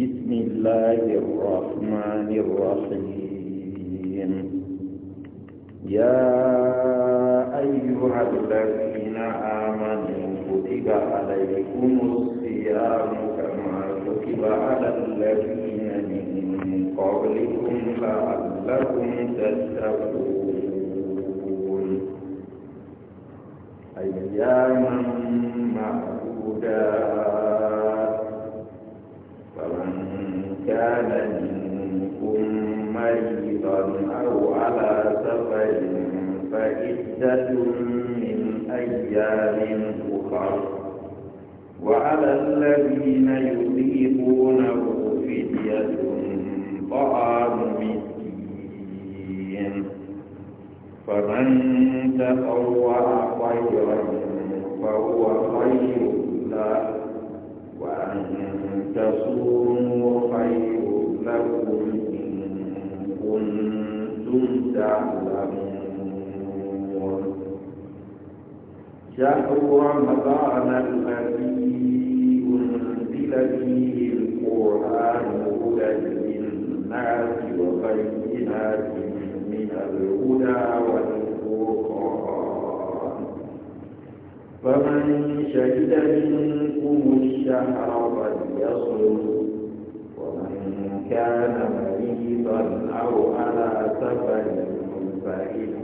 بسم الله الرحمن الرحيم يا أيها الذين آمنوا كتب عليكم الصيام كما كتب على الذين من قبلكم لعلكم تتقون أياما معدودات كان منكم مريضا أو على سفر فعدة من أيام أخر وعلى الذين يطيقونه فدية طعام مسكين فمن تطوع خيرا فهو خير له وأن تصوموا خير لكم إن كنتم تعلمون شهر رمضان الذي أنزل فيه القرآن هدى للناس وبينات من الهدى والفرقان فمن شهد منكم الشهر فليصم ومن كان مريضا أو على سفر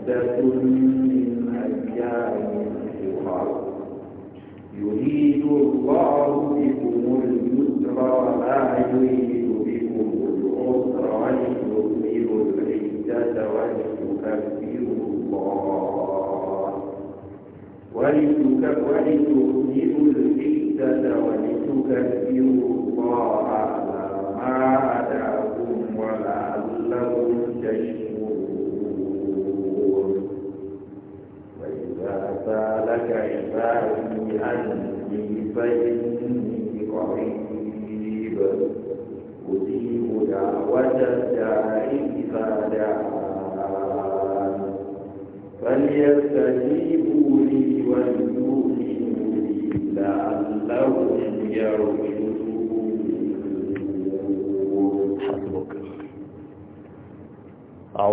فعدة من أيام أخرى يريد الله wani tukar wani tukar ne ulufi da da wani tukar biyu ba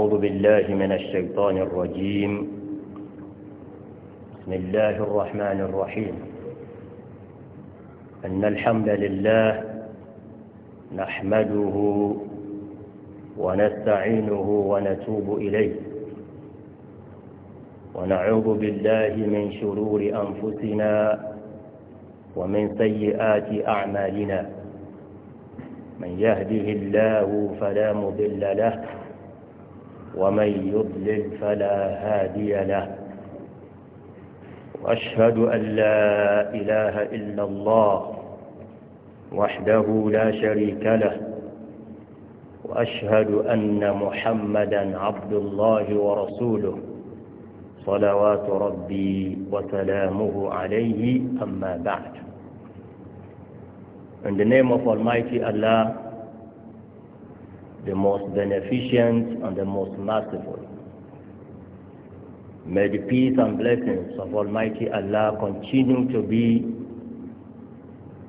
أعوذ بالله من الشيطان الرجيم بسم الله الرحمن الرحيم أن الحمد لله نحمده ونستعينه ونتوب إليه ونعوذ بالله من شرور أنفسنا ومن سيئات أعمالنا من يهده الله فلا مضل له ومن يضلل فلا هادي له وأشهد أن لا إله إلا الله وحده لا شريك له وأشهد أن محمدا عبد الله ورسوله صلوات ربي وسلامه عليه أما بعد In the name of Almighty Allah the most beneficent and the most merciful. May the peace and blessings of Almighty Allah continue to be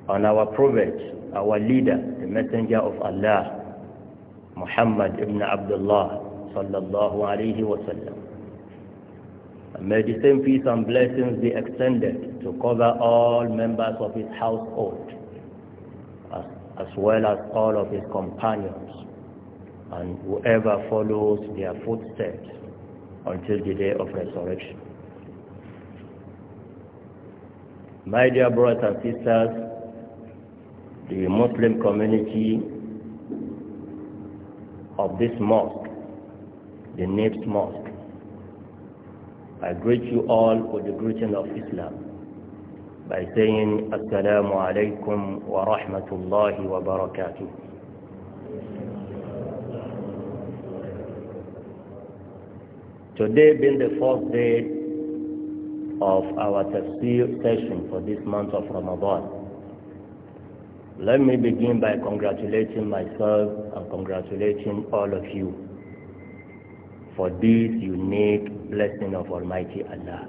on our prophet, our leader, the messenger of Allah, Muhammad ibn Abdullah sallallahu alayhi wa sallam. May the same peace and blessings be extended to cover all members of his household, as, as well as all of his companions and whoever follows their footsteps until the day of resurrection. My dear brothers and sisters, the Muslim community of this mosque, the next Mosque, I greet you all with the greeting of Islam by saying Assalamu alaikum wa rahmatullahi wa barakatuh. Today being the fourth day of our tafsir session for this month of Ramadan, let me begin by congratulating myself and congratulating all of you for this unique blessing of Almighty Allah.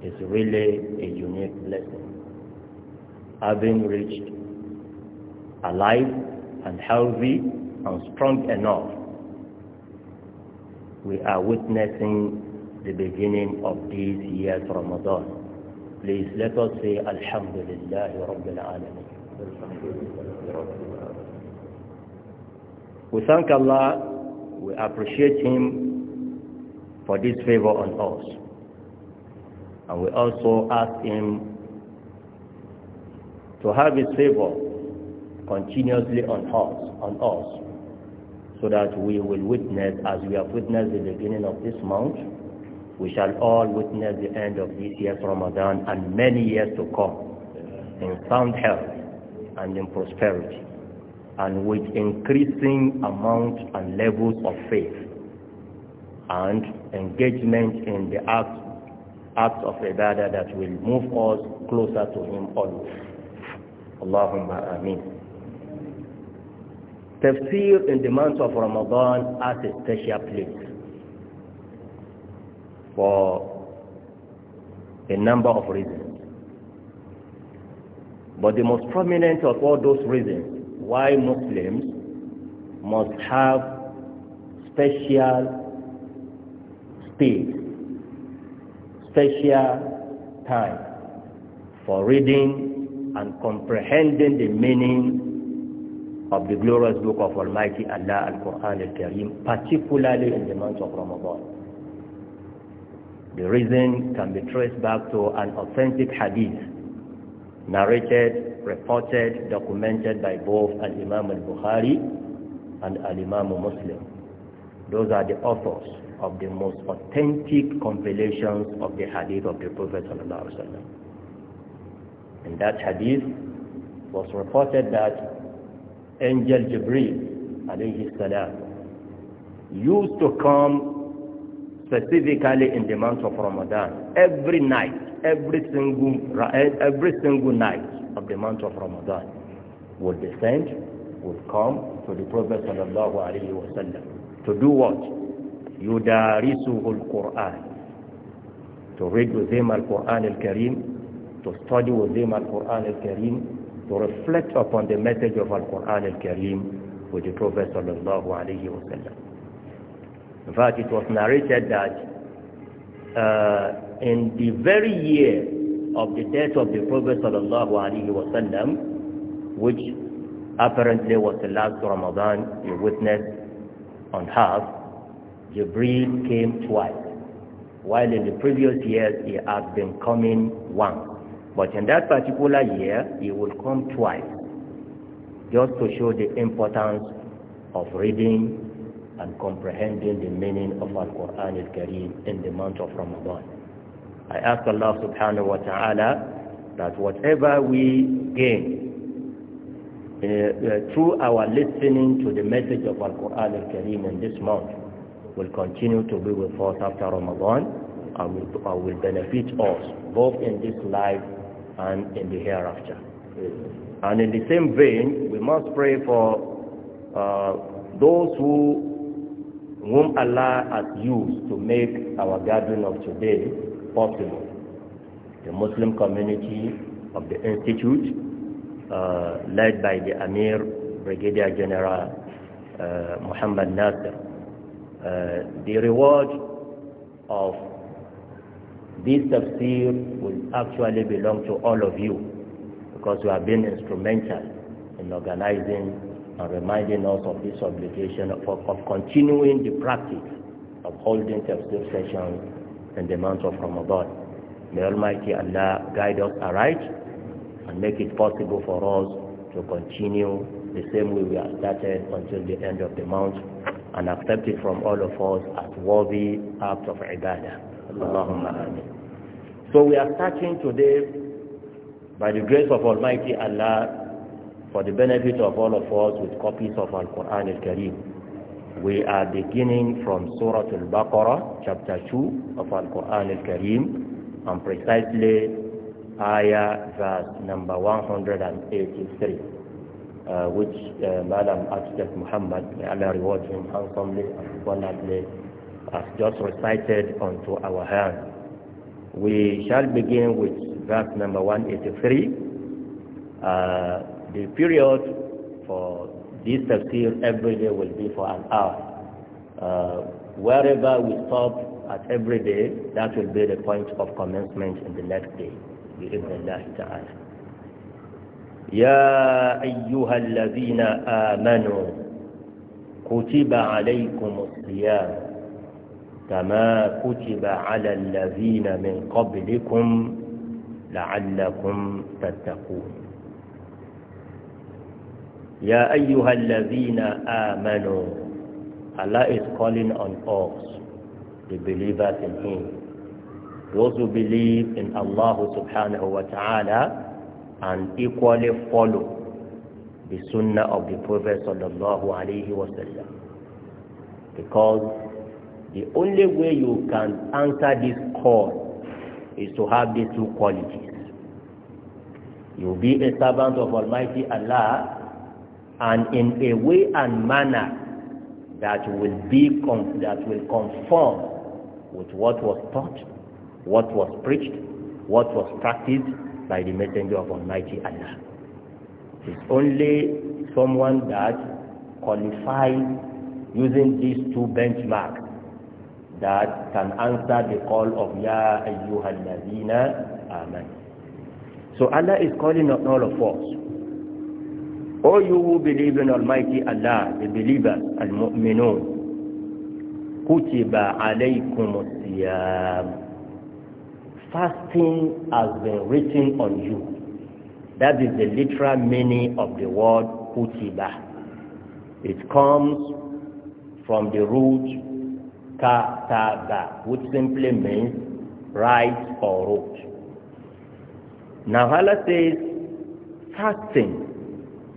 It's really a unique blessing. Having reached alive and healthy and strong enough we are witnessing the beginning of this year's Ramadan. Please let us say Alhamdulillah Rabbil Alameen. We thank Allah, we appreciate Him for this favor on us. And we also ask Him to have His favor continuously on us, on us so that we will witness, as we have witnessed the beginning of this month, we shall all witness the end of this year's Ramadan and many years to come in sound health and in prosperity and with increasing amount and levels of faith and engagement in the acts act of ibadah that will move us closer to Him always. Allahumma ameen. Tafsir in the month of Ramadan as a special place for a number of reasons. But the most prominent of all those reasons why Muslims must have special space, special time for reading and comprehending the meaning of the glorious book of Almighty Allah, Al-Quran Al-Karim, particularly in the month of Ramadan. The reason can be traced back to an authentic hadith narrated, reported, documented by both Al-Imam Al-Bukhari and Al-Imam Muslim. Those are the authors of the most authentic compilations of the hadith of the Prophet wasallam. In that hadith was reported that angel Jibril alayhi salam used to come specifically in the month of Ramadan every night every single eh, every single night of the month of Ramadan would descend would come to the Prophet sallallahu alayhi wa sallam to do what? al-Quran, to read with him Al-Quran Al-Karim to study with him Al-Quran Al-Karim to reflect upon the message of Al-Quran Al-Karim with the Prophet sallallahu alaihi wasallam. In fact, it was narrated that uh, in the very year of the death of the Prophet sallallahu alaihi wasallam, which apparently was the last Ramadan he witnessed on the Jibril came twice, while in the previous years he had been coming once. But in that particular year, he will come twice just to show the importance of reading and comprehending the meaning of Al-Quran al-Kareem in the month of Ramadan. I ask Allah subhanahu wa ta'ala that whatever we gain uh, uh, through our listening to the message of Al-Quran al-Kareem in this month will continue to be with us after Ramadan and will, and will benefit us both in this life and in the hereafter. And in the same vein, we must pray for uh, those who whom Allah has used to make our gathering of today possible. The Muslim community of the Institute, uh, led by the Amir Brigadier General uh, Muhammad Nasser. Uh, the reward of this tafsir will actually belong to all of you because you have been instrumental in organizing and reminding us of this obligation of, of continuing the practice of holding tafsir sessions in the month of Ramadan. May Almighty Allah guide us aright and make it possible for us to continue the same way we have started until the end of the month and accept it from all of us as worthy acts of ibadah. Allahumma So we are starting today by the grace of Almighty Allah for the benefit of all of us with copies of Al-Quran Al-Kareem. We are beginning from Surah Al-Baqarah, chapter 2 of Al-Quran Al-Kareem, and precisely ayah verse number 183, uh, which uh, Madam Architect Muhammad, may Allah reward him handsomely and abundantly, as just recited onto our hand. We shall begin with verse number 183. Uh, the period for this tafsir every day will be for an hour. Uh, wherever we stop at every day, that will be the point of commencement in the next day. يا أيها الذين آمنوا كتب عليكم الصيام كما كتب على الذين من قبلكم لعلكم تتقون يا أيها الذين آمنوا Allah is calling on us the believers in him those who believe in Allah subhanahu wa ta'ala and equally follow the sunnah of the Prophet sallallahu alayhi wa sallam because The only way you can answer this call is to have these two qualities. You be a servant of Almighty Allah and in a way and manner that will be that will conform with what was taught, what was preached, what was practiced by the messenger of Almighty Allah. It's only someone that qualifies using these two benchmarks that can answer the call of Ya Ayyuhal Nazina, Amen. So Allah is calling on all of us. All you who believe in Almighty Allah, the believers, Al-Mu'minun, Kutiba alaykum siyam. Fasting has been written on you. That is the literal meaning of the word Kutiba. It comes from the root Kataga, which simply means right or road. Now Allah says fasting,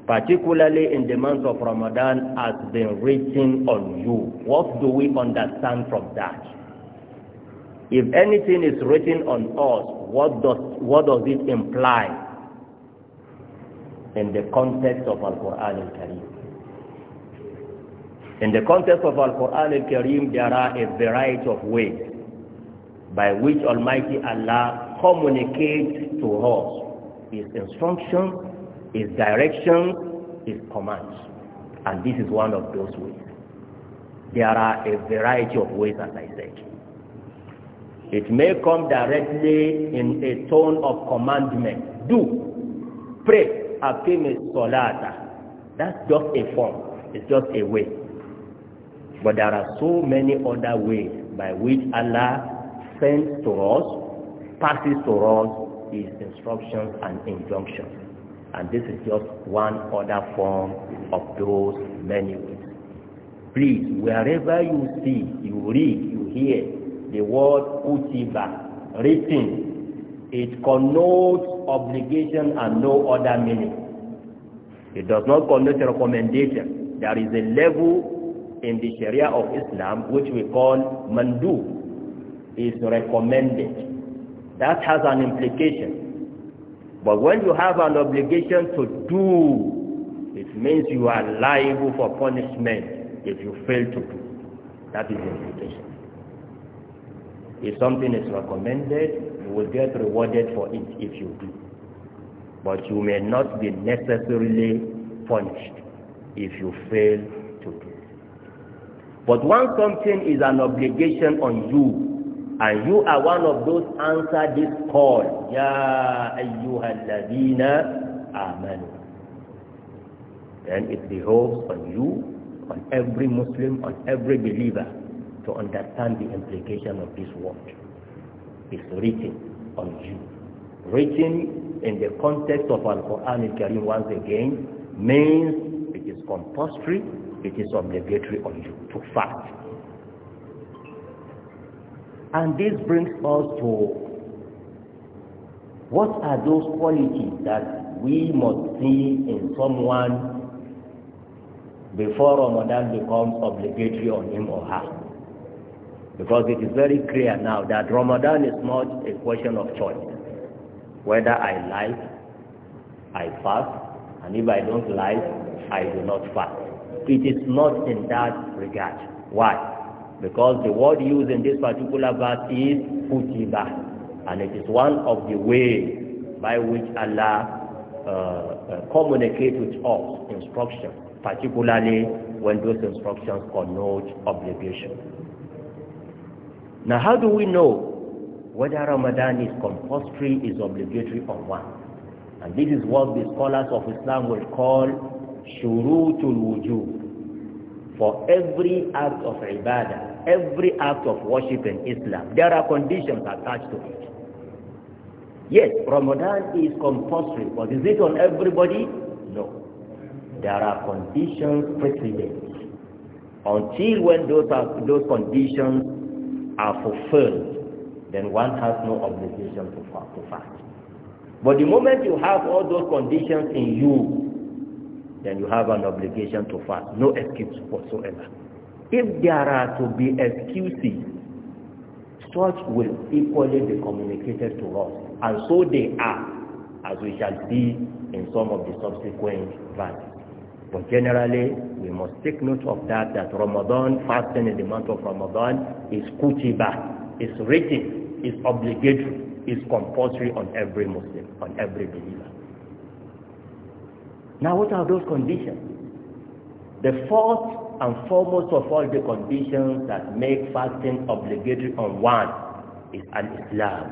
particularly in the month of Ramadan, has been written on you. What do we understand from that? If anything is written on us, what does, what does it imply in the context of Al-Quran al-Karim? In the context of Al-Quran al-Karim, there are a variety of ways by which Almighty Allah communicates to us His instructions, His directions, His commands. And this is one of those ways. There are a variety of ways, as I said. It may come directly in a tone of commandment. Do, pray, akim salata. That's just a form. It's just a way. But there are so many other ways by which Allah sends to us, passes to us His instructions and injunctions. And this is just one other form of those many ways. Please, wherever you see, you read, you hear the word utiba written, it connotes obligation and no other meaning. It does not connote recommendation. There is a level in the Sharia of Islam, which we call mandu, is recommended. That has an implication. But when you have an obligation to do, it means you are liable for punishment if you fail to do. That is the implication. If something is recommended, you will get rewarded for it if you do. But you may not be necessarily punished if you fail to do. But once something is an obligation on you, and you are one of those, answer this call. Ya ayyuhalladina amen. Then it behoves on you, on every Muslim, on every believer, to understand the implication of this word. It's written on you. Written in the context of Al-Quran al-Karim once again means it is compulsory it is obligatory on you to fast. And this brings us to what are those qualities that we must see in someone before Ramadan becomes obligatory on him or her? Because it is very clear now that Ramadan is not a question of choice. Whether I like, I fast, and if I don't like, I do not fast. It is not in that regard. Why? Because the word used in this particular verse is kutiba, and it is one of the ways by which Allah uh, uh, communicates with us instruction, particularly when those instructions connote obligation. Now, how do we know whether Ramadan is compulsory, is obligatory, or what? And this is what the scholars of Islam will call shurutul wujub for every act of ibadah, every act of worship in Islam, there are conditions attached to it. Yes, Ramadan is compulsory, but is it on everybody? No. There are conditions precedent. Until when those, are, those conditions are fulfilled, then one has no obligation to fast. But the moment you have all those conditions in you, then you have an obligation to fast. No excuse whatsoever. If there are to be excuses, such will equally be communicated to us. And so they are, as we shall see in some of the subsequent verses. But generally, we must take note of that, that Ramadan, fasting in the month of Ramadan is kutiba, is written, is obligatory, is compulsory on every Muslim, on every believer. Now what are those conditions? The fourth and foremost of all the conditions that make fasting obligatory on one is an islam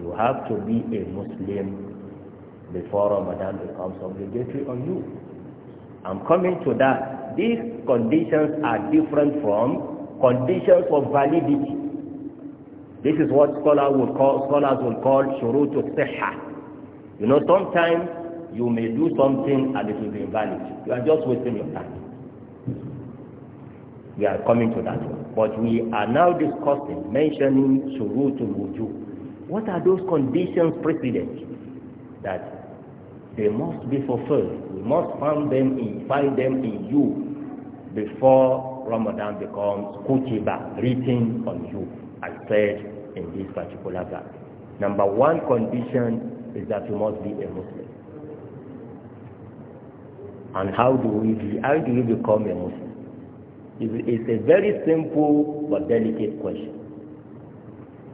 You have to be a Muslim before Ramadan becomes obligatory on you. I'm coming to that. These conditions are different from conditions of validity. This is what scholars will call, scholars will call shurutu sihha. You know, sometimes you may do something and it will be invalid. You are just wasting your time. We are coming to that one. But we are now discussing, mentioning surutul wuju. What are those conditions precedent that they must be fulfilled? We must find them in, find them in you before Ramadan becomes kutiba, written on you, as said in this particular verse. Number one condition is that you must be a Muslim. And how do we be, how do you become a Muslim? It's a very simple but delicate question.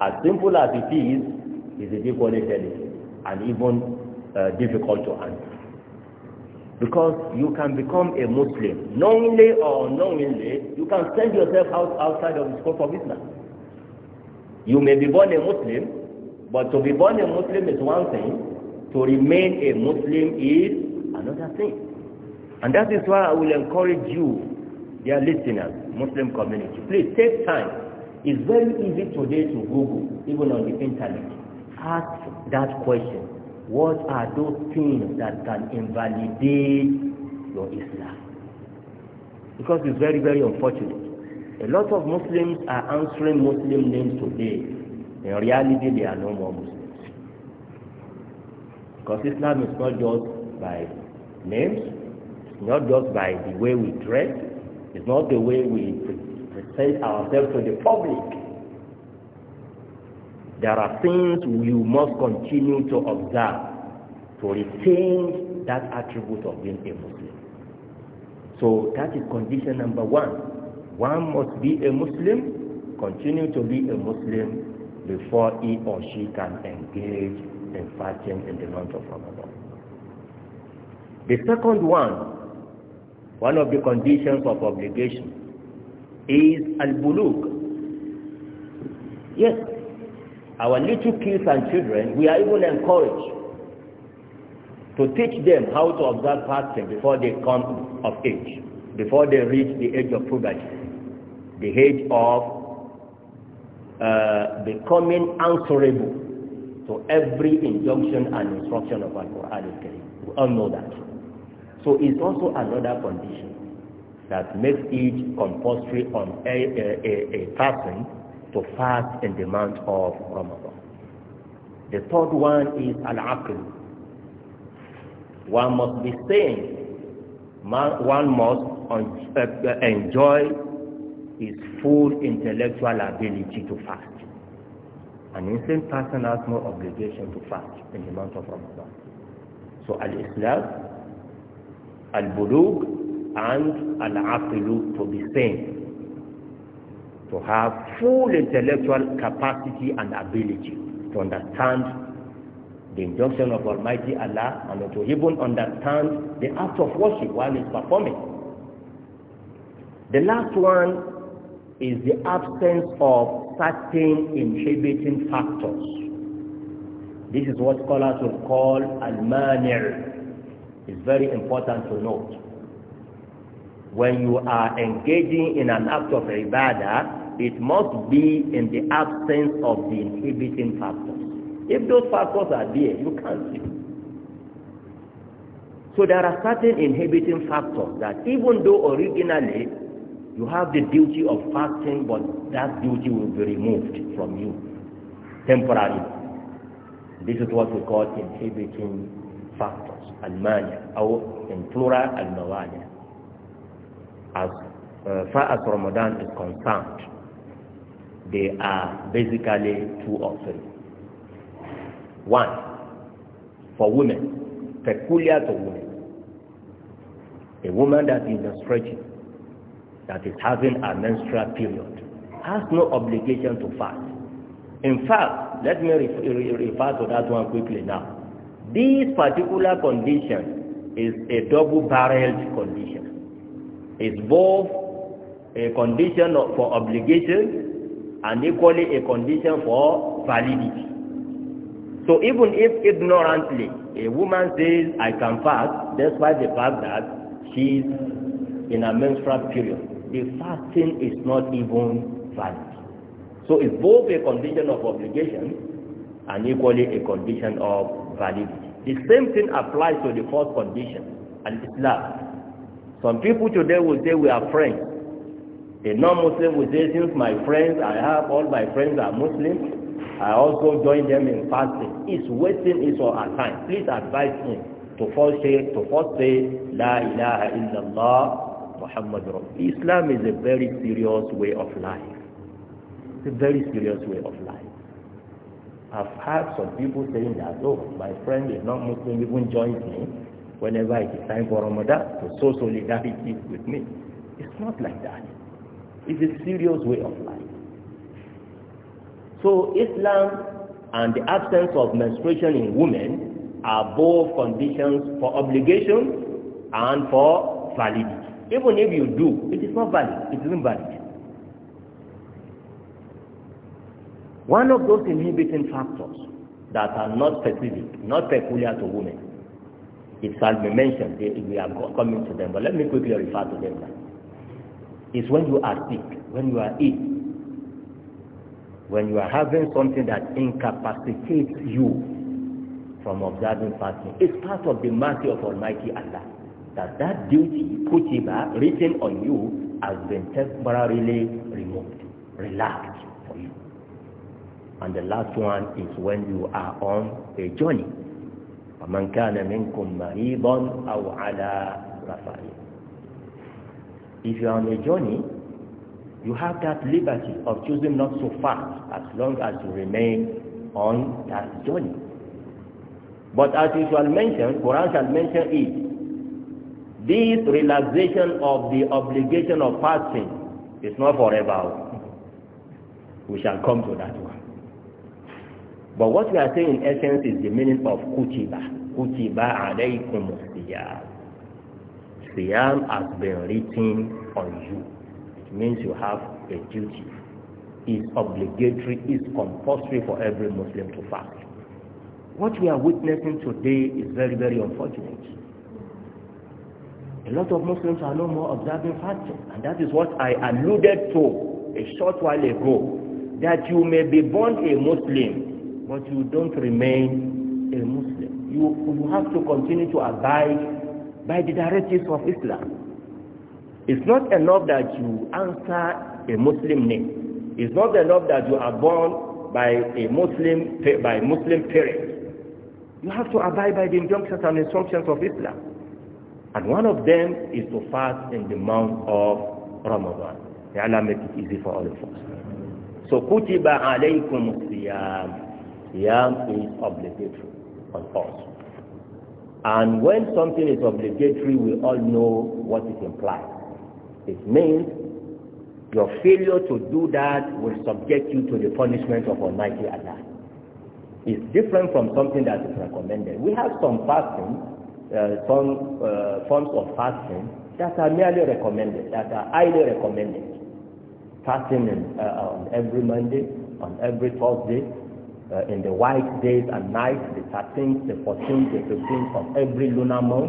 As simple as it is, it's equally delicate and even uh, difficult to answer. Because you can become a Muslim, knowingly or unknowingly, you can send yourself out, outside of the scope of Islam. You may be born a Muslim, but to be born a Muslim is one thing, to remain a Muslim is another thing. And that is why I will encourage you, dear listeners, Muslim community, please take time. It's very easy today to Google, even on the internet. Ask that question. What are those things that can invalidate your Islam? Because it's very, very unfortunate. A lot of Muslims are answering Muslim names today. In reality, they are no more Muslims. Because Islam is not just by names, not just by the way we dress, it's not the way we present ourselves to the public. There are things you must continue to observe to retain that attribute of being a Muslim. So that is condition number one. One must be a Muslim, continue to be a Muslim before he or she can engage in fasting in the month of Ramadan. The second one one of the conditions of obligation is al-buluk. Yes, our little kids and children, we are even encouraged to teach them how to observe fasting before they come of age, before they reach the age of puberty, the age of uh, becoming answerable to every injunction and instruction of Al-Quran. We all know that. So it's also another condition that makes it compulsory on a, a, a, a person to fast in the month of Ramadan. The third one is al-aql. One must be sane. One must uh, enjoy his full intellectual ability to fast. An insane person has no obligation to fast in the month of Ramadan. So al-Islam al and al-aqlu to be same, to have full intellectual capacity and ability to understand the injunction of Almighty Allah and to even understand the act of worship while it's performing. The last one is the absence of certain inhibiting factors. This is what scholars will call al-mani' It's very important to note. When you are engaging in an act of ibadah, it must be in the absence of the inhibiting factors. If those factors are there, you can't it. So there are certain inhibiting factors that even though originally you have the duty of fasting, but that duty will be removed from you temporarily. This is what we call inhibiting factors. المانع أو in plural الموانع as uh, far as Ramadan is concerned there are basically two options one for women peculiar to women a woman that is pregnant, that is having a menstrual period has no obligation to fast in fact let me refer, refer to that one quickly now this particular condition is a double-barreled condition. It's both a condition for obligation and equally a condition for validity. So even if ignorantly a woman says, I can fast, despite the fact that she's in a menstrual period, the fasting is not even valid. So it's both a condition of obligation and equally a condition of validity. The same thing applies to the fourth condition, it's islam Some people today will say we are friends. A non-Muslim will say, since my friends, I have all my friends are Muslims, I also join them in fasting. It's wasting his or time. Please advise me to first say, to first say, La ilaha illallah Muhammad Islam is a very serious way of life. It's a very serious way of life. I've heard some people saying that, oh, my friend is not Muslim, even joins me whenever it is time for Ramadan to show solidarity with me. It's not like that. It's a serious way of life. So Islam and the absence of menstruation in women are both conditions for obligation and for validity. Even if you do, it is not valid. It isn't valid. One of those inhibiting factors that are not specific, not peculiar to women, it shall be mentioned, we are coming to them, but let me quickly refer to them now. It's when you are sick, when you are ill, when you are having something that incapacitates you from observing fasting. It's part of the mercy of Almighty Allah that that duty, kutiba, uh, written on you, has been temporarily removed, relaxed. And the last one is when you are on a journey. كَانَ مِنْكُمْ مَرِيضًا أَوْ عَلَى سَفَرٍ If you are on a journey, you have that liberty of choosing not so fast as long as you remain on that journey. But as you shall mention, Quran shall mention it. This relaxation of the obligation of fasting is not forever. We shall come to that one. But what we are saying in essence is the meaning of kutiba. Kutiba alaykum siyam. Siyam has been written on you. It means you have a duty. It's obligatory, it's compulsory for every Muslim to fast. What we are witnessing today is very, very unfortunate. A lot of Muslims are no more observing fasting, and that is what I alluded to a short while ago, that you may be born a Muslim but you don't remain a Muslim. You, you have to continue to abide by the directives of Islam. It's not enough that you answer a Muslim name. It's not enough that you are born by a Muslim, by Muslim parents. You have to abide by the injunctions and instructions of Islam. And one of them is to fast in the month of Ramadan. Allah make it easy for all of us. So, kutiba alaykum siyam. Siyam is obligatory on us. And when something is obligatory, we all know what it implies. It means your failure to do that will subject you to the punishment of Almighty Allah. It's different from something that is recommended. We have some fasting, uh, some uh, forms of fasting that are merely recommended, that are highly recommended. Fasting in, uh, on every Monday, on every Thursday, uh, in the white days and nights, the 13th, the 14th, the 15th of every lunar month.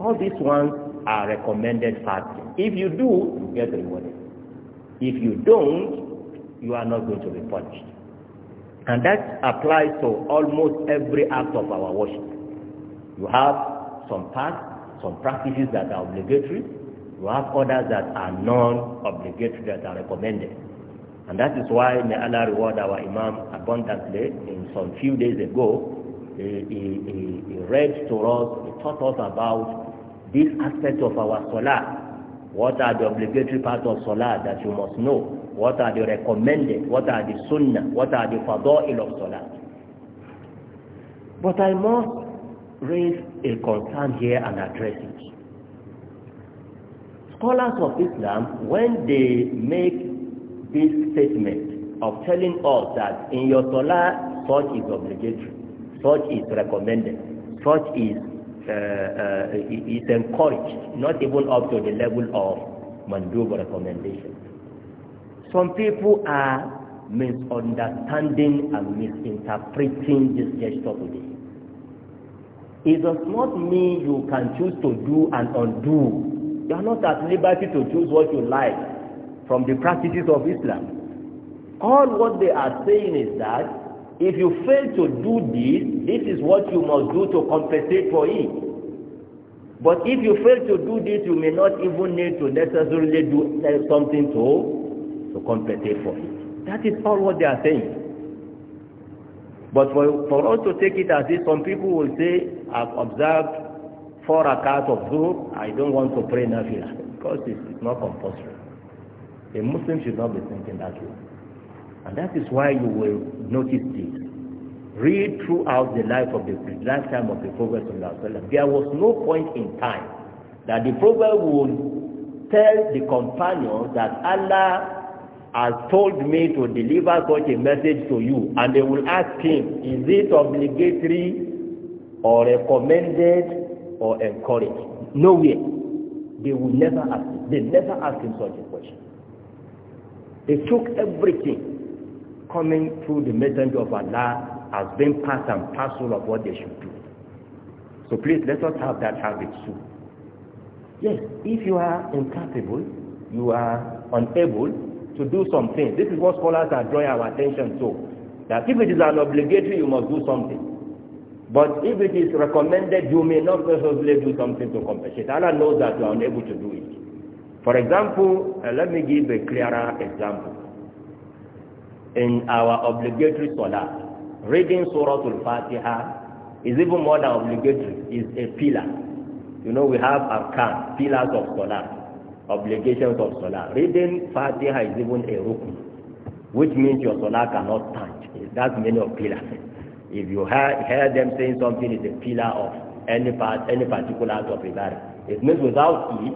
All these ones are recommended fasting. If you do, you get rewarded. If you don't, you are not going to be punished. And that applies to almost every act of our worship. You have some parts, some practices that are obligatory. You have others that are non-obligatory, that are recommended. And that is why may Allah reward our Imam abundantly. In some few days ago, he, he, he read to us, he taught us about this aspect of our salah. What are the obligatory parts of salah that you must know? What are the recommended? What are the sunnah? What are the fada'il of salah? But I must raise a concern here and address it. Scholars of Islam, when they make this statement of telling us that in your salah, such is obligatory, such is recommended, such is uh, uh, is encouraged, not even up to the level of mandub recommendation. Some people are misunderstanding and misinterpreting this gesture today. It does not mean you can choose to do and undo. You are not at liberty to choose what you like from the practices of Islam. All what they are saying is that if you fail to do this, this is what you must do to compensate for it. But if you fail to do this, you may not even need to necessarily do eh, something to, to compensate for it. That is all what they are saying. But for, for us to take it as if some people will say, I've observed four accounts of zuhr, I don't want to pray nafila because it's, it's not compulsory. A Muslim should not be thinking that way. And that is why you will notice this. Read throughout the life of the lifetime of the Prophet There was no point in time that the Prophet would tell the companions that Allah has told me to deliver such a message to you and they will ask him is it obligatory or recommended or encouraged nowhere they will never ask him they never ask him such a question They took everything coming through the messenger of Allah as being part and parcel of what they should do. So please let us have that habit too. Yes, if you are incapable, you are unable to do something. This is what scholars are drawing our attention to. That if it is an obligatory, you must do something. But if it is recommended, you may not necessarily do something to compensate. Allah knows that you are unable to do it. For example, uh, let me give a clearer example. In our obligatory salah, reading Surah Al-Fatiha is even more than obligatory, is a pillar. You know, we have arkan, pillars of salah, obligations of salah. Reading Fatiha is even a rukun, which means your salah cannot touch. That's many of pillars. If you hear, them saying something is a pillar of any part, any particular of it means without it,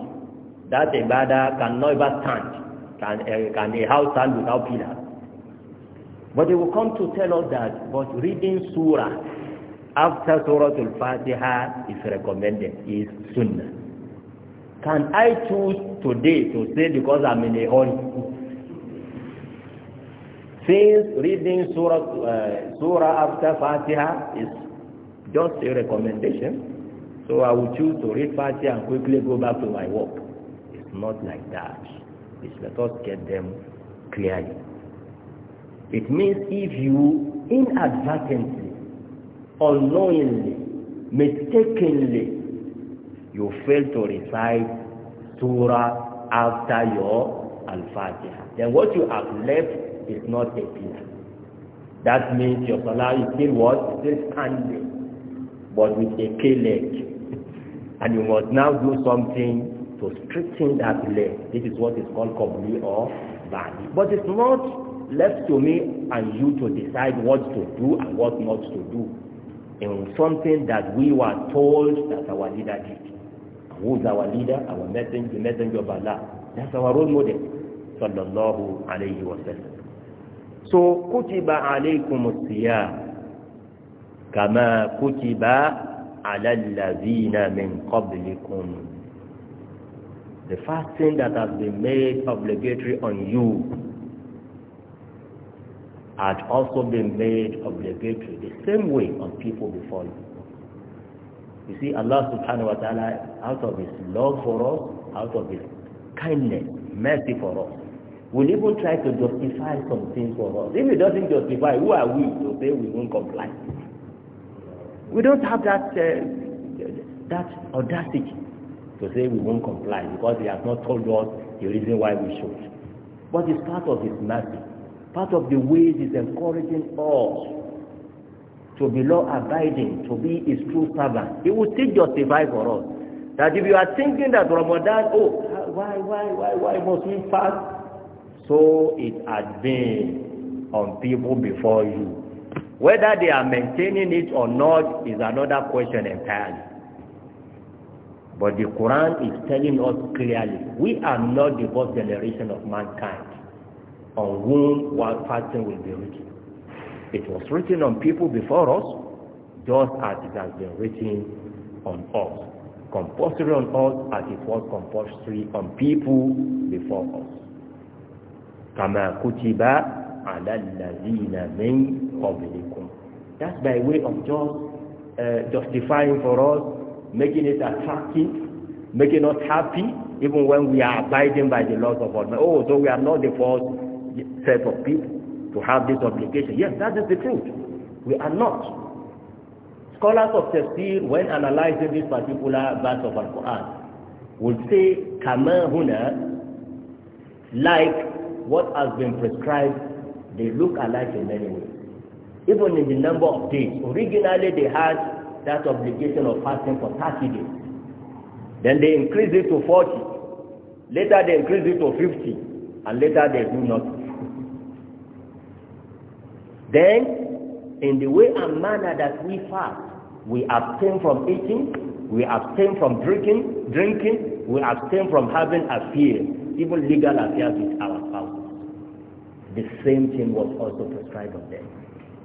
that ibadah can never stand. Can, uh, can a house stand without pillars? But they will come to tell us that, but reading surah after surah al-Fatiha is recommended, is sunnah. Can I choose today to say because I'm in a hurry? Since reading surah, uh, surah after Fatiha is just a recommendation, so I will choose to read Fatiha and quickly go back to my work not like that. It's let us get them clearly. It means if you inadvertently, unknowingly, mistakenly, you fail to recite surah after your al-Fatiha, then what you have left is not a pillar. That means your salah is still what? Still standing, but with a leg. And you must now do something to straighten that leg. This is what is called Qabli or Ba'di. But it's not left to me and you to decide what to do and what not to do in something that we were told that our leader did. Who is our leader? Our messenger, the messenger of Allah. That's our role model. Sallallahu alayhi wa sallam. So, kutiba alaykum siyam kama kutiba ala alladhina min qablikum the fasting that has been made obligatory on you had also been made obligatory the same way on people before you. You see, Allah subhanahu wa ta'ala, out of His love for us, out of His kindness, mercy for us, will even try to justify some things for us. If He doesn't justify, who are we to say we won't comply? We don't have that, uh, that audacity. to say we won't comply because he has not told us the reason why we should. But it's part of his mercy. Part of the ways is encouraging us to be law abiding, to be his true servant. He will still justify for us. That if you are thinking that Ramadan, oh, why, why, why, why must we fast? So it has been on people before you. Whether they are maintaining it or not is another question entirely. But the Quran is telling us clearly, we are not the first generation of mankind on whom one person will be written. It was written on people before us, just as it has been written on us. Compulsory on us as it was compulsory on people before us. كما كتب على الذين من قبلكم. That's by way of just uh, justifying for us making it attractive, making us happy, even when we are abiding by the laws of Almighty. Oh, so we are not the first set of people to have this obligation. Yes, that is the truth. We are not. Scholars of Tafsir, when analyzing this particular verse of Al-Quran, would say, Kama huna, like what has been prescribed, they look alike in many ways. Even in the number of days. Originally, they had that obligation of fasting for 30 days. Then they increase it to 40. Later they increase it to 50. And later they do nothing. Then, in the way and manner that we fast, we abstain from eating, we abstain from drinking, drinking, we abstain from having affairs, even legal affairs with our spouses. The same thing was also prescribed on them.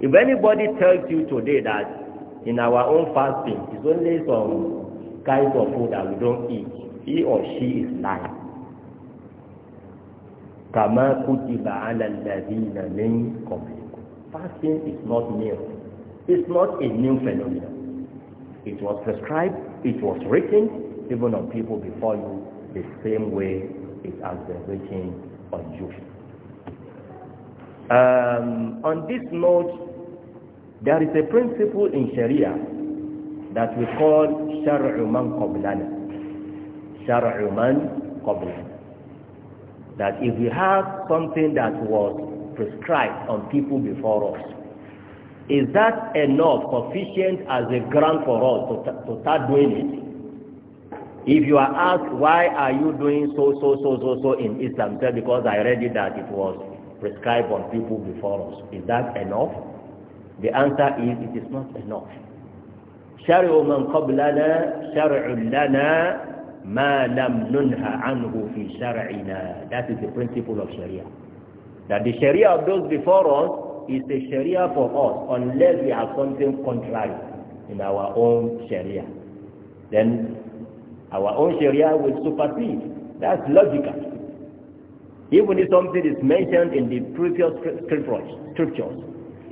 If anybody tells you today that in our own fasting it's only some kinds of food that we don't eat he or she is lying kama kutiba ala alladhina min qablikum fasting is not new it's not a new phenomenon it was prescribed it was written even on people before you the same way it has been written on you um, on this note there is a principle in Sharia that we call shar'u man qablana. Shar'u man qablana. That if we have something that was prescribed on people before us, is that enough, sufficient as a ground for us to, to start doing it? If you are asked, why are you doing so, so, so, so, so in Islam? because I read it that it was prescribed on people before us. Is that enough? The answer is it is not enough. شرع من قبلنا شرع لنا ما لم ننه عنه في شرعنا. That is the principle of Sharia. That the Sharia of those before us is the Sharia for us unless we have something contrary in our own Sharia. Then our own Sharia will supersede. That's logical. Even if something is mentioned in the previous scriptures,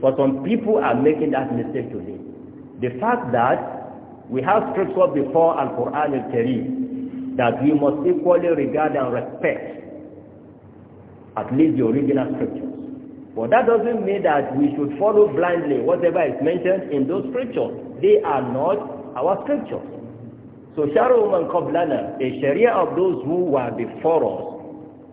But some people are making that mistake today. The fact that we have scripture before and quran al-Kareem that we must equally regard and respect at least the original scriptures. But that doesn't mean that we should follow blindly whatever is mentioned in those scriptures. They are not our scriptures. So Sharu man qablana, a sharia of those who were before us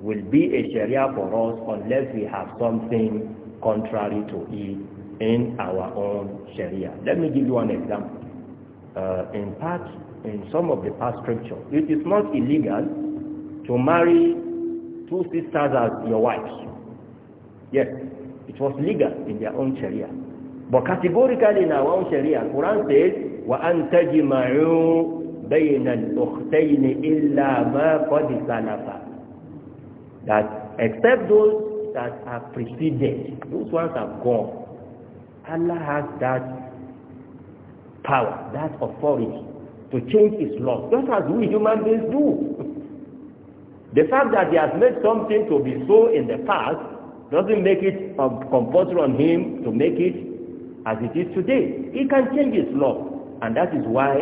will be a sharia for us unless we have something contrary to it in our own Sharia. Let me give you an example. Uh, in part, in some of the past scripture, it is not illegal to marry two sisters as your wives. Yes, it was legal in their own Sharia. But categorically in our own Sharia, Quran says, وَأَن تَجْمَعُوا بَيْنَ الْأُخْتَيْنِ إِلَّا مَا قَدْ سَلَفَ That except those that are preceded, those ones are gone. Allah has that power, that authority to change his law, just as we human beings do. The fact that he has made something to be so in the past doesn't make it compulsory on him to make it as it is today. He can change his law. And that is why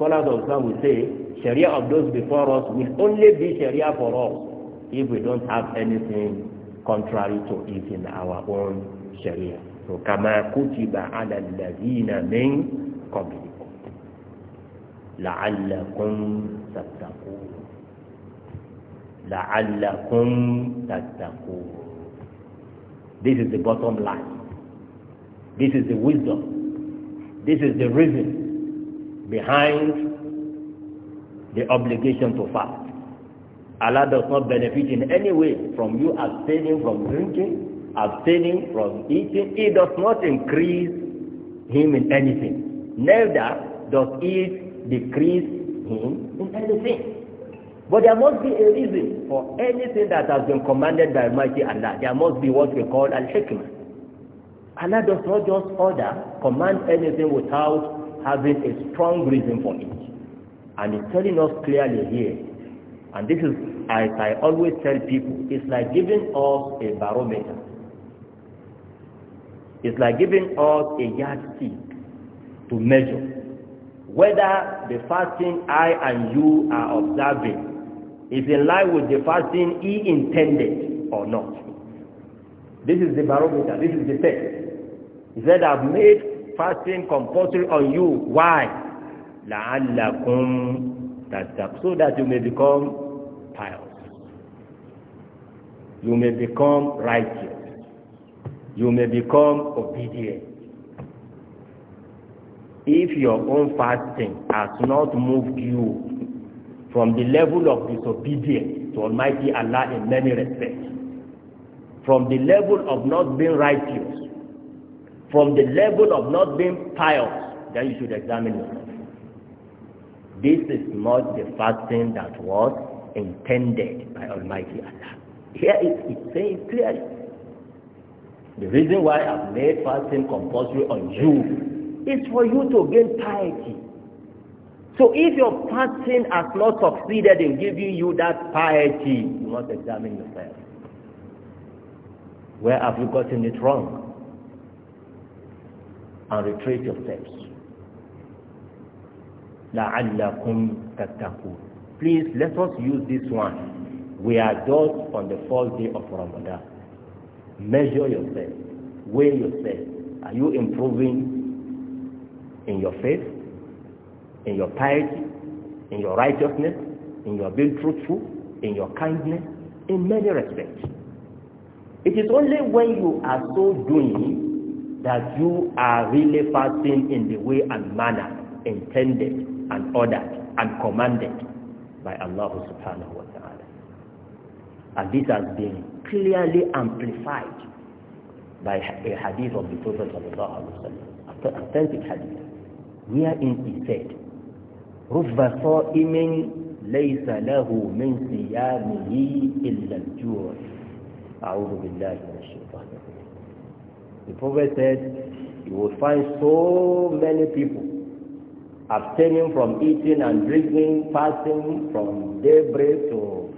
scholars of Islam will say, Sharia of those before us will only be Sharia for us if we don't have anything contrary to in our own sharia. So كما كتب على الذين من قبلكم لعلكم تتقون لعلكم تتقون This is the bottom line. This is the wisdom. This is the reason behind the obligation to fast. Allah does not benefit in any way from you abstaining from drinking, abstaining from eating. It does not increase him in anything. Neither does it decrease him in anything. But there must be a reason for anything that has been commanded by Almighty Allah. There must be what we call al-hikmah. Allah does not just order, command anything without having a strong reason for it. And He's telling us clearly here And this is, as I always tell people, it's like giving us a barometer. It's like giving us a yardstick to measure whether the fasting I and you are observing is in line with the fasting he intended or not. This is the barometer. This is the test. He said, I've made fasting compulsory on you. Why? لعلكم تتقون so that you may become You may become righteous. You may become obedient. If your own fasting has not moved you from the level of disobedience to Almighty Allah in many respects, from the level of not being righteous, from the level of not being pious, then you should examine yourself. This is not the fasting that was intended by Almighty Allah. Here it, it says clearly. The reason why I've made fasting compulsory on you is for you to gain piety. So if your fasting has not succeeded in giving you that piety, you must examine yourself. Where have you gotten it wrong? And retrace your steps. لعلكم تتقون Please let us use this one. We are just on the fourth day of Ramadan. Measure yourself. Weigh yourself. Are you improving in your faith, in your piety, in your righteousness, in your being truthful, in your kindness, in many respects? It is only when you are so doing that you are really fasting in the way and manner intended and ordered and commanded by Allah subhanahu wa ta'ala. And this has been clearly amplified by a hadith of the Prophet sallallahu alaihi wasallam, authentic hadith, wherein he said, رُفَّ صَائِمٍ لَيْسَ لَهُ مِنْ صِيَامِهِ إِلَّا الْجُوعِ أعوذ بالله من الشيطان The Prophet said, you will find so many people abstaining from eating and drinking, fasting from daybreak to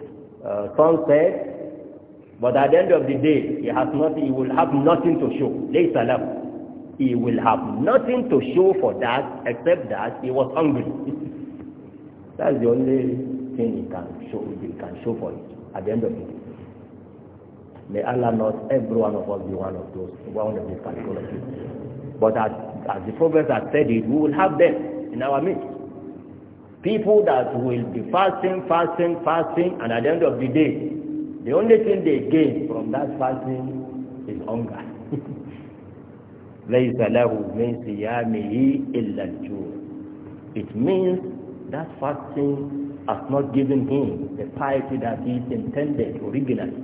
uh, sunset. But at the end of the day, he has nothing. He will have nothing to show. Salam. He will have nothing to show for that except that he was hungry. That's the only thing he can show. He can show for it at the end of the day. May Allah not every one of us be one of those, one of these categories. But as, as the prophets have said it, we will have them in our midst. People that will be fasting, fasting, fasting, and at the end of the day, the only thing they gain from that fasting is hunger. لَيْسَ لَهُ مِنْ صِيَامِهِ إِلَّا الْجُوعُ It means that fasting has not given him the piety that he intended originally.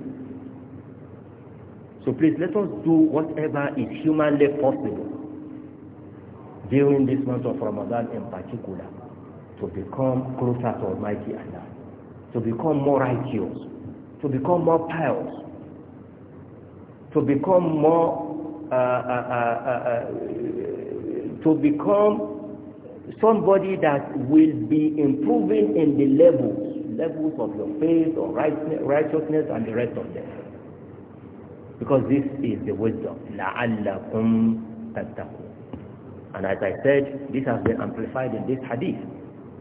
So please let us do whatever is humanly possible during this month of Ramadan in particular to become closer to Almighty Allah, to become more righteous, to become more pious, to become more, uh, uh, uh, to become somebody that will be improving in the levels, levels of your faith or righteousness and the rest of them. Because this is the wisdom. لَعَلَّكُمْ تَتَّقُونَ And as I said, this has been amplified in this hadith.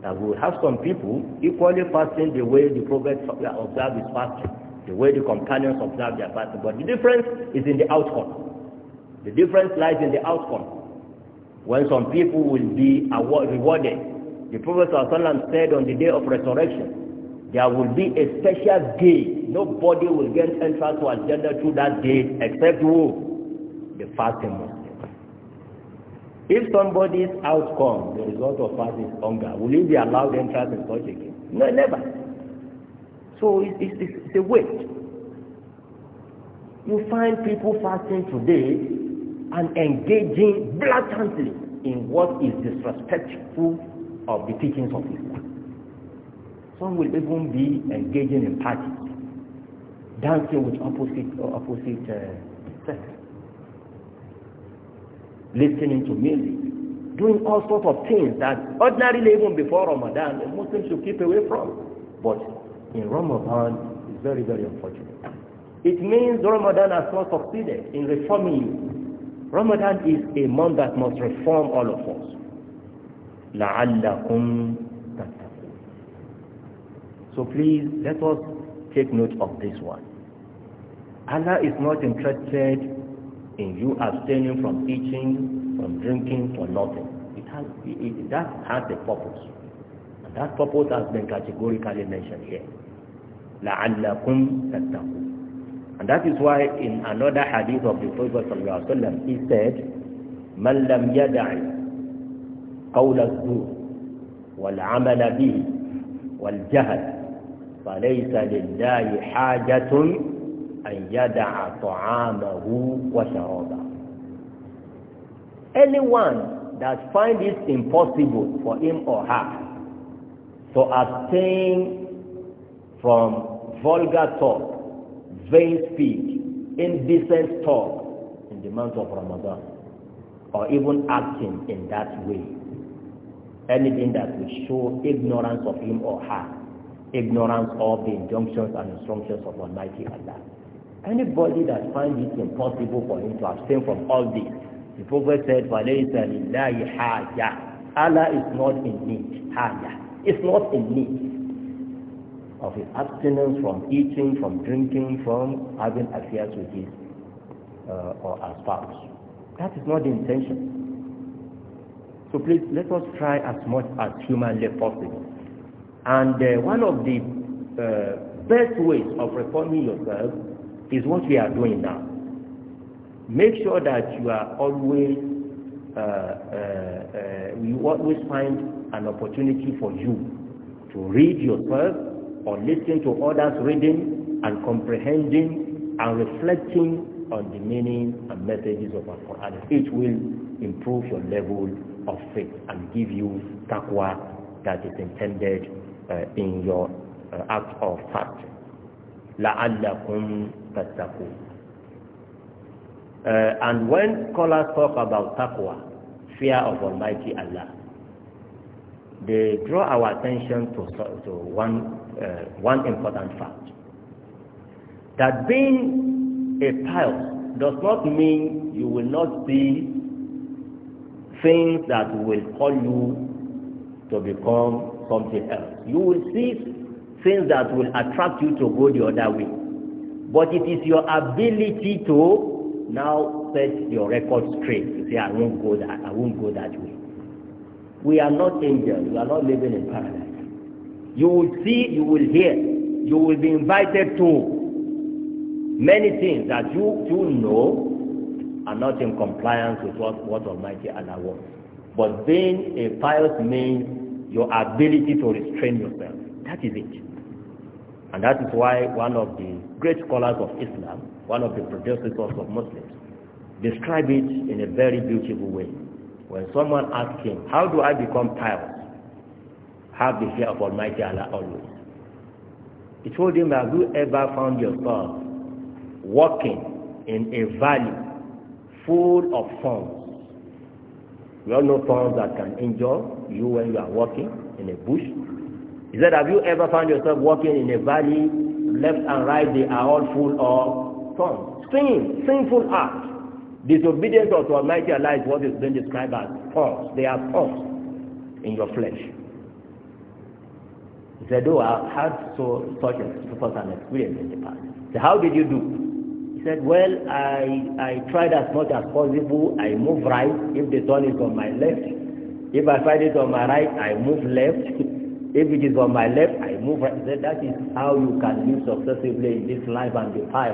That we will have some people equally fasting the way the Prophet observed his fasting, the way the companions observed their fasting. But the difference is in the outcome. The difference lies in the outcome. When some people will be rewarded, the Prophet said on the day of resurrection, there will be a special day. Nobody will get entrance to al through that day except who? The fasting Muslim. If somebody's outcome, the result of fast is hunger, will you be allowed entrance in church again? No, never. So it, it, it's a waste. You find people fasting today and engaging blatantly in what is disrespectful of the teachings of Islam. Some will even be engaging in parties, dancing with opposite, opposite uh, listening to music, doing all sorts of things that ordinarily even before Ramadan the Muslims should keep away from. But in Ramadan, it's very, very unfortunate. It means Ramadan has not succeeded in reforming you. Ramadan is a month that must reform all of us. لَعَلَّكُمْ So please, let us take note of this one. Allah is not interested in you abstaining from eating, from drinking, from nothing. It has, it, it, that has a purpose. And that purpose has been categorically mentioned here. لَعَلَّكُمْ تَتَّقُونَ And that is why in another hadith of the Prophet sallallahu alaihi wasallam, he said, مَنْ لَمْ يَدَعِ قَوْلَ الزُّورِ وَالْعَمَلَ بِهِ وَالْجَهَلِ فَلَيْسَ لِلَّهِ حَاجَةٌ àyàdà àtọ̀hámàhù wàṣàrọ̀bà. anyone that find it impossible for him or her to abstain from vulgar talk vain speech indecent talk in the month of Ramadan or even acting in that way anything that would show ignorance of him or her ignorance of the injunctions and instructions of Almighty Allah Anybody that finds it impossible for him to abstain from all this, the Prophet said, Allah is not in need. Allah It's not in need of his abstinence from eating, from drinking, from having affairs with his uh, or our spouse. That is not the intention. So please, let us try as much as humanly possible. And uh, one of the uh, best ways of reforming yourself is what we are doing now. Make sure that you are always, uh, uh, uh, you always find an opportunity for you to read yourself or listen to others reading and comprehending and reflecting on the meaning and messages of our Quran. It will improve your level of faith and give you taqwa that is intended uh, in your uh, act of fasting. لعلكم uh, and when scholars talk about taqwa fear of almighty Allah they draw our attention to, to one, uh, one important fact that being a pious does not mean you will not see things that will call you to become something else. You will see things that will attract you to go the other way. but it is your ability to now set your record straight to say I won't go that I won't go that way. We are not angels. We are not living in paradise. You will see. You will hear. You will be invited to many things that you you know are not in compliance with what, what Almighty Allah wants. But being a pious means your ability to restrain yourself. That is it. And that is why one of the great scholars of Islam, one of the predecessors of Muslims, described it in a very beautiful way. When someone asked him, how do I become pious? Have the fear of Almighty Allah always. He told him, have you ever found yourself walking in a valley full of thorns? You all know thorns that can injure you when you are walking in a bush he said, have you ever found yourself walking in a valley, left and right, they are all full of thorns. Sin, sinful acts. Disobedience to Almighty Allah is what is being described as thorns. They are thorns in your flesh. He said, oh, I had so, such an experience in the past. So how did you do? He said, well, I, I tried as much as possible. I move right if the thorn is on my left. If I find it on my right, I move left. If it is on my left, I move right. Then that is how you can live successfully in this life and be pious.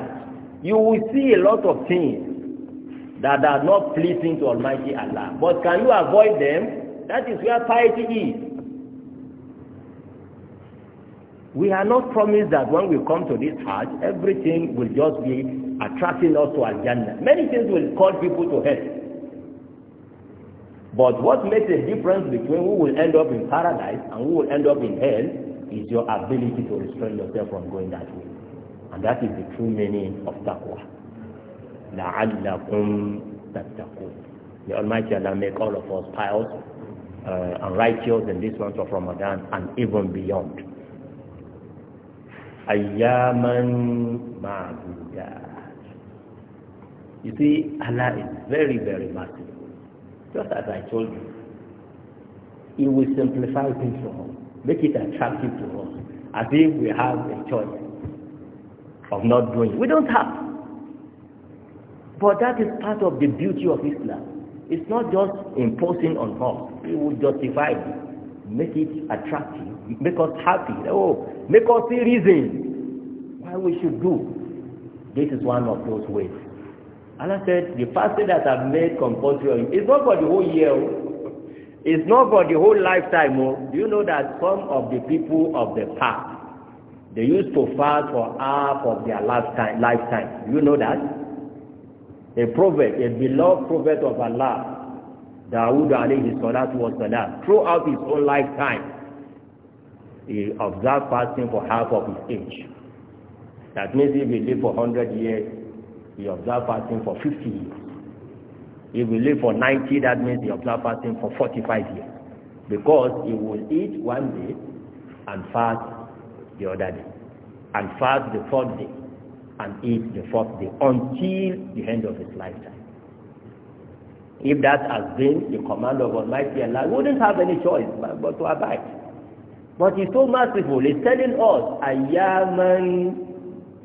You will see a lot of things that are not pleasing to Almighty Allah. But can you avoid them? That is where piety is. We are not promised that when we come to this Hajj, everything will just be attracting us to Al-Jannah. Many things will call people to hell. But what makes a difference between who will end up in paradise and who will end up in hell is your ability to restrain yourself from going that way. And that is the true meaning of taqwa. لَعَلَّكُمْ تَتَّقُونَ The Almighty Allah make all of us pious uh, and righteous in this month of Ramadan and even beyond. أَيَّامًا مَعْدُودًا You see, Allah is very, very merciful. Just as I told you, it will simplify things for us, make it attractive to us, as if we have a choice of not doing We don't have. But that is part of the beauty of Islam. It's not just imposing on us. It will justify it, make it attractive, make us happy. Oh, make us see reason why we should do. This is one of those ways. Allah said, the fasting that I've made compulsory is not for the whole year. Oh. It's not for the whole lifetime. Oh. Do you know that some of the people of the past, they used to fast for half of their lifetime. lifetime. Do you know that? A prophet, a beloved prophet of Allah, Dawood alayhi salatu was salam, throughout his own lifetime, he observed fasting for half of his age. That means if he lived for hundred years, he observe fasting for 50 years. If we live for 90, that means he observe fasting for 45 years. Because he will eat one day and fast the other day, and fast the fourth day, and eat the fourth day until the end of his lifetime. If that has been the command of Almighty Allah, we wouldn't have any choice but, but to abide. But he's so merciful, he's telling us, Ayaman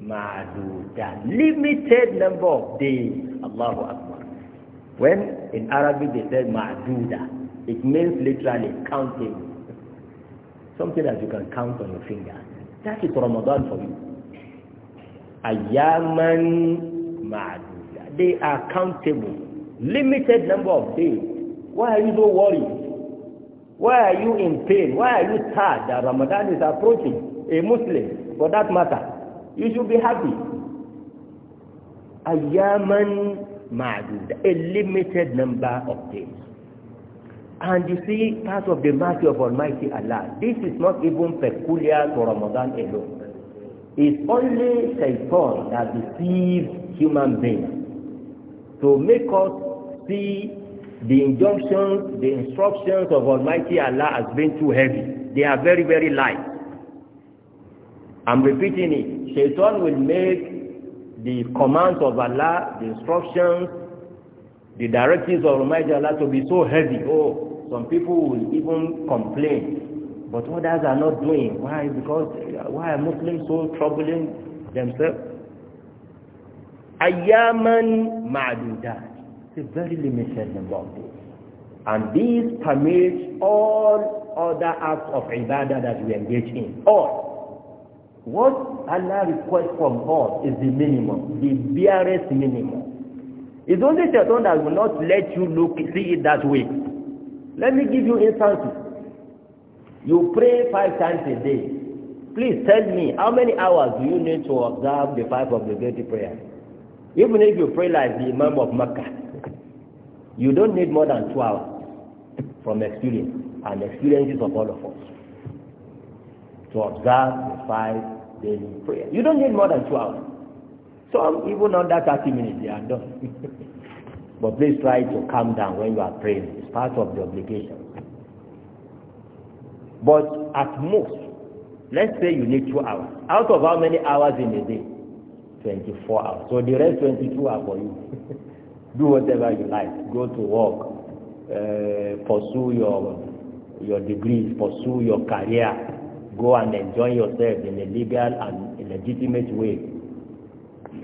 da Limited number of days. Allahu Akbar. When in Arabic they say da, it means literally counting. Something that you can count on your finger. That is Ramadan for you. Ayaman da, They are countable. Limited number of days. Why are you so worried? Why are you in pain? Why are you sad that Ramadan is approaching? A Muslim, for that matter you should be happy ayaman ma'duda a limited number of days and you see part of the mercy of almighty allah this is not even peculiar to ramadan alone it's only shaitan that deceives human beings to make us see the injunctions the instructions of almighty allah as being too heavy they are very very light I'm repeating it. Shaitan will make the commands of Allah, the instructions, the directives of Almighty Allah to be so heavy. Oh, some people will even complain. But others are not doing. Why? Because uh, why are Muslims so troubling themselves? Ayaman ma'adudat. It's a very limited number of days. And these permits all other acts of ibadah that we engage in. All. What Allah requests from us is the minimum, the barest minimum. It's only Shaitan that will not let you look see it that way. Let me give you instances. You pray five times a day. Please tell me how many hours do you need to observe the five of the daily prayer. Even if you pray like the Imam of Mecca, you don't need more than two hours from experience and experiences of all of us to observe the five daily prayer. You don't need more than two hours. Some even under 30 minutes, they are done. but please try to calm down when you are praying. It's part of the obligation. But at most, let's say you need two hours. Out of how many hours in a day? 24 hours. So the rest 22 are for you. Do whatever you like. Go to work. Uh, pursue your your degrees. Pursue your career go and enjoy yourself in a legal and legitimate way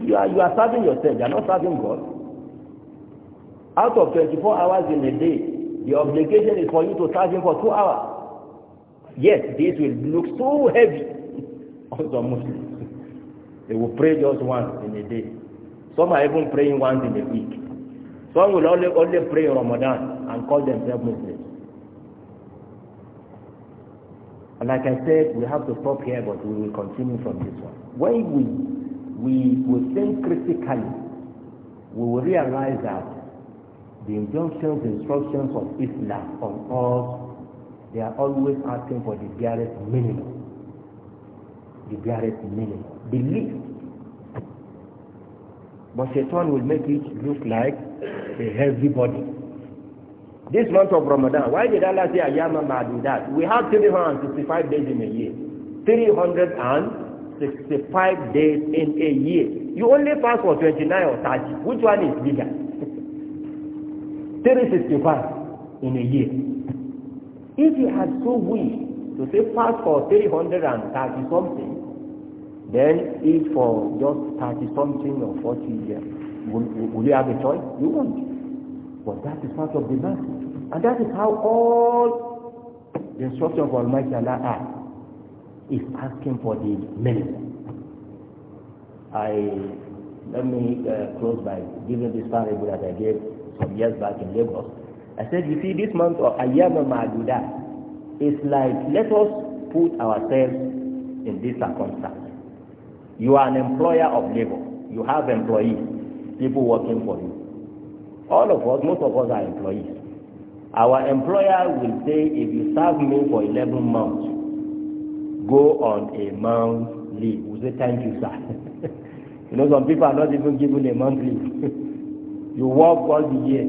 you are you are serving yourself you are not serving God out of 24 hours in a day the obligation is for you to serve him for two hours yes this will look so heavy on some Muslims they will pray just once in a day some are even praying once in a week some will only only pray Ramadan and call themselves Muslims And like I said, we have to stop here, but we will continue from this one. When we, we we think critically, we will realize that the injunctions, the instructions of Islam on us, they are always asking for the barest minimum. The barest minimum. Believe, but But one will make it look like a heavy body. This month of Ramadan, why did Allah say Ayama Ma'adudat? We have 365 days in a year. 365 days in a year. You only fast for 29 or 30. Which one is bigger? 365 in a year. If you had so wished to say fast for 330 something, then eat for just 30 something or 40 years. Will, will you have a choice? You won't. But that is part of the matter. And that is how all the instructions of Almighty Allah are. Is asking for the minimum. I let me uh, close by giving this parable that I gave some years back in Lagos. I said, you see, this month of Ayyama Ma'aduda is like, let us put ourselves in this circumstance. You are an employer of labor. You have employees, people working for you. All of us, most of us are employees. Our employer will say, if you serve me for eleven months, go on a month leave. We say, thank you, sir. you know, some people are not even given a month leave. you work all the year.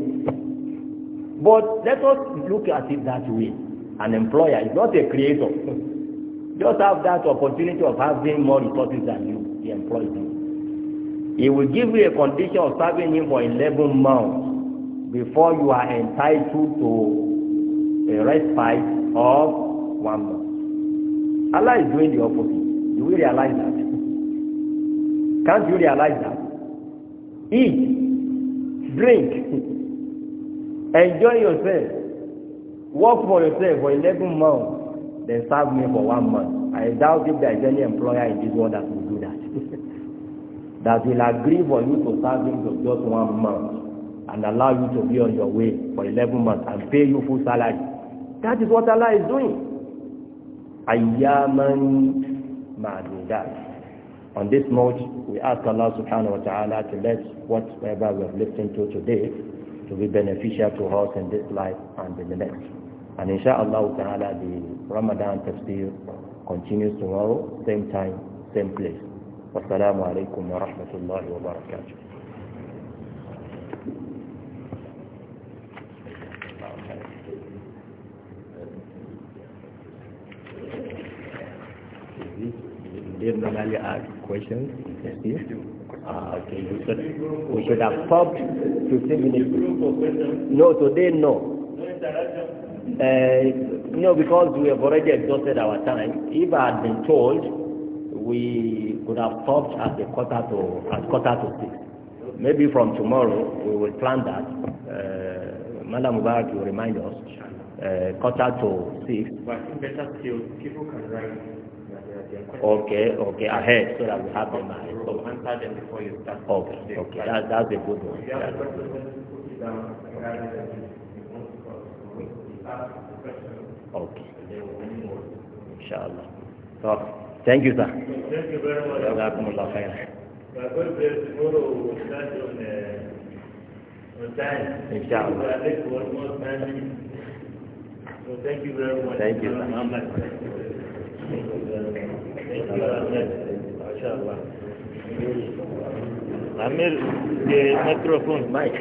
But let us look at it that way. An employer is not a creator. Just have that opportunity of having more resources than you, the employee. He will give you a condition of serving him for eleven months before you are entitled to a respite of one month. Allah is doing the opposite. Do we realize that? Can't you realize that? Eat, drink, enjoy yourself, work for yourself for 11 months, then serve me for one month. I doubt if there is any employer in this world that will do that. that will agree for you to serve him for just one month. and allow you to be on your way for 11 months and pay you full salary. That is what Allah is doing. Ayyaman ma'adudat. On this note, we ask Allah subhanahu wa ta'ala to let whatever we have listened to today to be beneficial to us in this life and in the next. And inshallah ta'ala, the Ramadan tafsir continues tomorrow, same time, same place. Wassalamu alaikum wa rahmatullahi wa barakatuh. personally ask questions. Yes. Uh, ah, okay, we should, we should have stopped 15 minutes. No, today no. Uh, eh, no, because we have already exhausted our time. If I had been told, we could have stopped at the quarter to at quarter to six. Maybe from tomorrow we will plan that. Uh, Madam Mubarak will remind us uh, quarter to six. But I think better still, people can write. Okay, okay, ahead so that we have the mind. So answer them before you start. Okay, okay, that's, that's a good one. Okay. Inshallah. So, thank you, sir. Thank you very much. tomorrow we'll start uh, on, time. Inshallah. So thank you very much. Thank you. Sir. Thank you. Amir, the microphone, mic.